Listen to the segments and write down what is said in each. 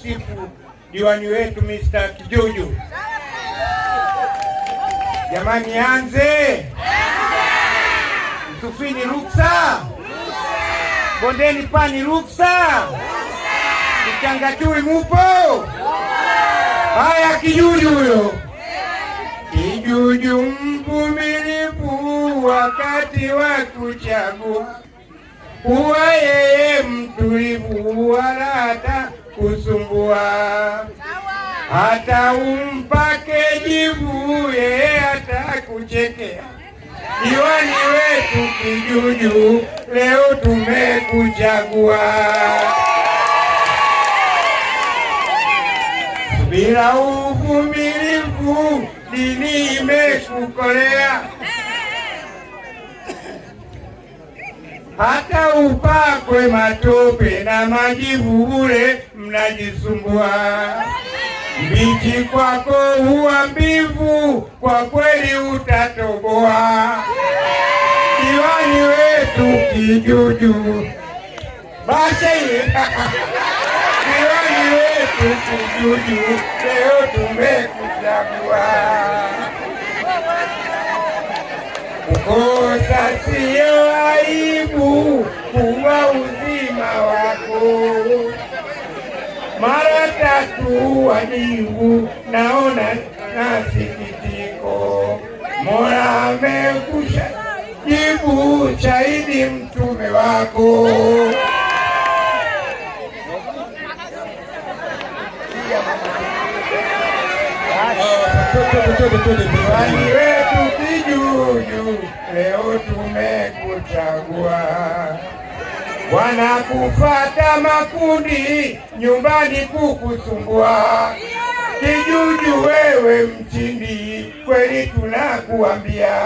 kumsifu diwani wetu Mr. Kijuju. Jamani, anze msufini ruksa, bondeni pani ruksa, Kichangachui mupo. Haya, Kijuju huyo, Kijuju mvumilivu wakati wa kuchagua, huwa yeye mtulivu wala hata kusumbua, hata umpake jibu, yeye atakuchekea. Diwani wetu Kijuju, leo tumekuchagua bila uvumilivu, dini imekukolea hata upakwe matope na maji bure, mnajisumbua. Mbichi kwako huwa mbivu, kwa kweli utatoboa. Diwani wetu kijuju basi diwani wetu kijuju, leo tumekuchagua ukosa sio kuwa uzima wako. Mara tatu wa mbingu naona na sikitiko, Mola amekusha jibu shahidi mtume wako Wani wetu kijuju leo tumekuchagua wanakufata makundi nyumbani kukusumbua. Kijuju wewe mchindi, kweli tunakuambia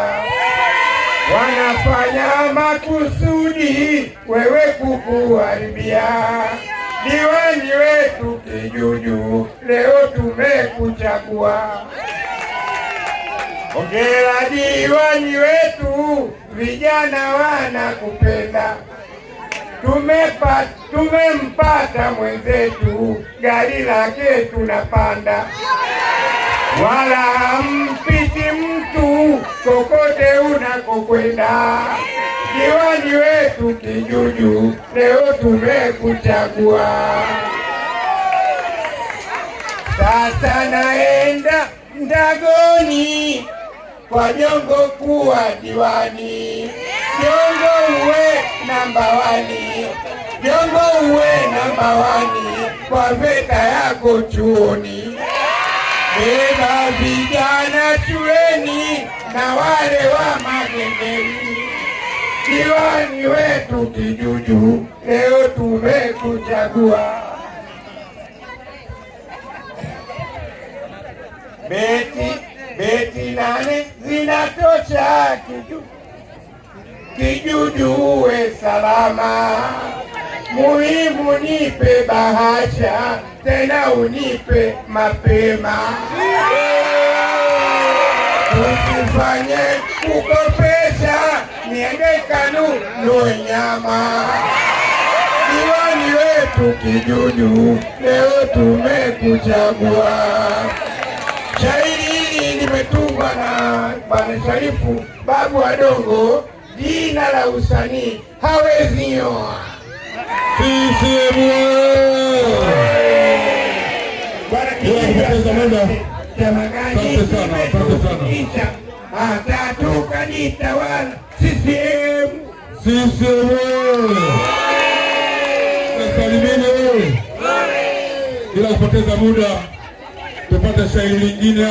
wanafanya makusudi wewe kukuharibia. Diwani wetu Kijuju, leo tumekuchagua. Ongera diwani wetu, vijana wanakupenda. Tumepa, tumempata mwenzetu, gari lake tunapanda, wala hampiti mtu kokote unakokwenda. Diwani wetu Kijuju, leo tumekuchagua, sasa naenda Ndagoni kwa Jongo kuwa diwani Jongo uwe namba wani, Jongo uwe namba wani kwa veta yako chuoni. Beba vijana chueni na wale wa magengeni. Diwani wetu Kijuju, leo tumekuchagua. Beti beti nane zinatosha Kijuju kijujue salama, muhimu nipe bahasha, tena unipe mapema, usifanye kukopesha niende kanu nyama. Diwani wetu Kijuju, leo tumekuchagua. Shairi hili limetungwa na Bwana Sharifu babu wa jina la usanii hawezi nyoa. Bwana atatoka jitawala CCM. CCM salimini, bila kupoteza muda tupate shairi lingine.